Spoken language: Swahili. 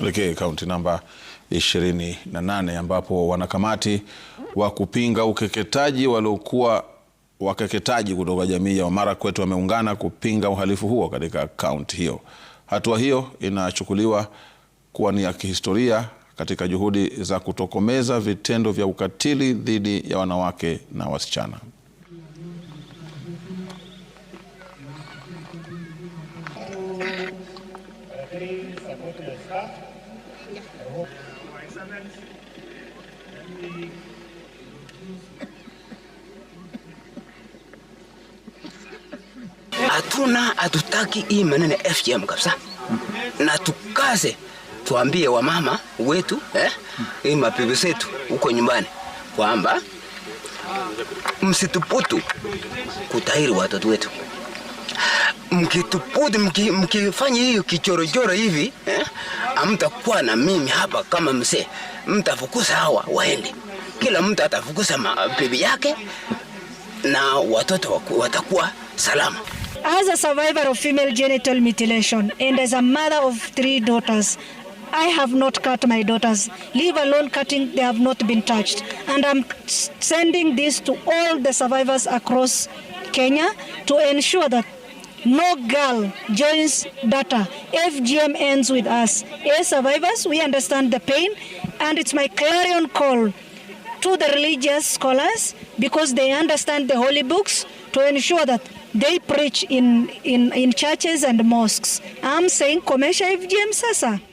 Tuelekee kaunti namba 28 ambapo wanakamati wa kupinga ukeketaji waliokuwa wakeketaji kutoka jamii ya Wamarakwet wameungana kupinga uhalifu huo katika kaunti hiyo. Hatua hiyo inachukuliwa kuwa ni ya kihistoria katika juhudi za kutokomeza vitendo vya ukatili dhidi ya wanawake na wasichana rote der Stadt. Ja. Hatuna, hatutaki hii FGM kabisa, na tukaze tuambie wamama wetu eh, hii mabibi zetu huko nyumbani kwamba msituputu kutahiri watoto wetu mkitupudi mkifanya hiyo kichorojoro hivi eh, amtakuwa na mimi hapa kama mzee. Mtafukuza hawa waende, kila mtu atafukuza bibi yake na watoto watakuwa salama. As a survivor of female genital mutilation and as a mother of three daughters I have not cut my daughters. Leave alone cutting, they have not been touched. And I'm sending this to all the survivors across Kenya to ensure that No girl joins data. FGM ends with us. As survivors, we understand the pain, and it's my clarion call to the religious scholars because they understand the holy books to ensure that they preach in, in, in churches and mosques. I'm saying komesha FGM sasa.